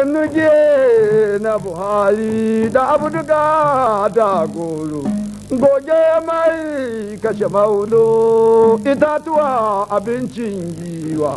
da na buhari da abduga da goro goge mai kashe maulo itatuwa abincin giwa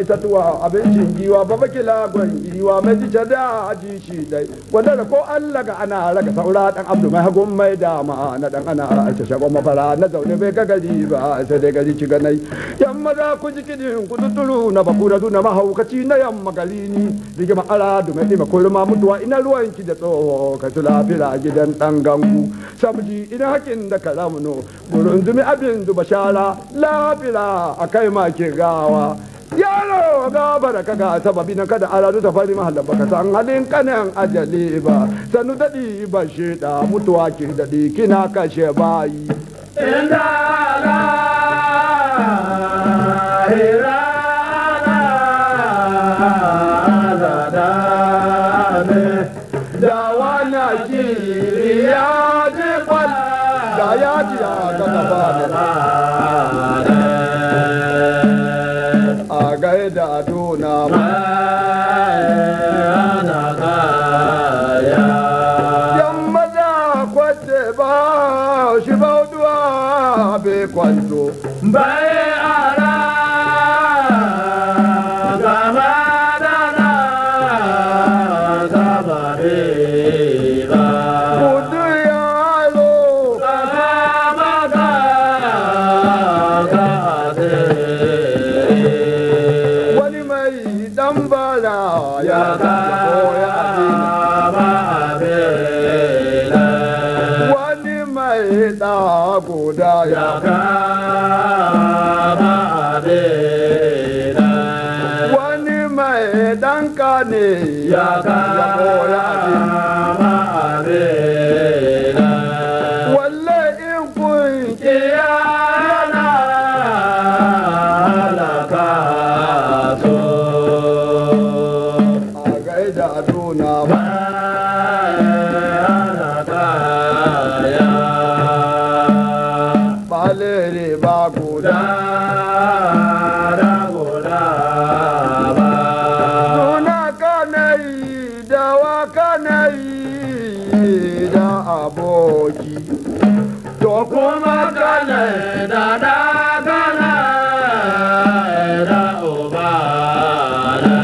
itatuwa abincin giwa ba makila giwa mai jice da aji shi dai wanda da ko Allah ga ana raka saura dan abdu mai hagun mai dama na dan ana ta shago mafara na zaune bai ga gari ba sai dai gari ci ganai yamma za ku ji kidin ku tuturu na bakura du na mahaukaci na yamma gari ni ma ara du mai dima ma mutuwa ina ruwan ki da tsoho ka tula gidan dan gangu sabji ina hakin da karamuno zumi abin zuba shara lafira akai ma ke gawa yalo ga baraka ga sababi na kada aladu ta fari mahallan baka san halin kanin ajali ba sanu dadi ba shi da mutuwa ki dadi kina kashe bayi inda la da da adona yan maza kwace ba shi bauduwa bai kwanto bayan guda ya kama abin wani mai danka ne ya koya kama abin walle in kun kiya yana halaka so a gaida aduna ba da guda da guda ba suna kanai da wa kanai da aboki to kuma kanai da da kanai da obara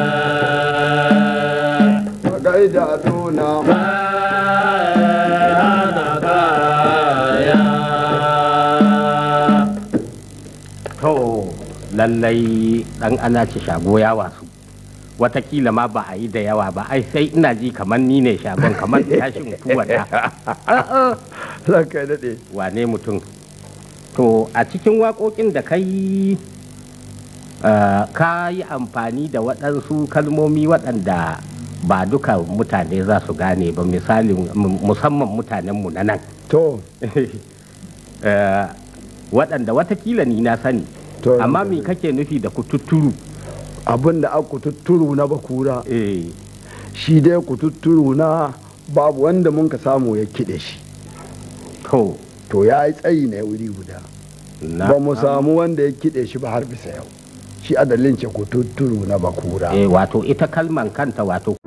da dona to lallai dan ana ci shago ya wasu watakila ma ba a yi da yawa ba ai sai ina ji kamar ni ne shagon kamar tashin tuwata daɗe wane mutum to a cikin waƙoƙin da ka yi eh, ka yi amfani da waɗansu kalmomi waɗanda ba duka mutane za su gane ba misali musamman mutanenmu na nan to eh, waɗanda watakila ni na sani amma me kake nufi da kututturu abin da aka kututturu na bakura eh. shi dai kututturu na babu wanda mun ka samu ya kiɗe shi to ya yi tsayi na wuri guda ba mu samu wanda ya kiɗe shi ba har bisa yau shi adalin ce na bakura eh, wato ita kalman kanta wato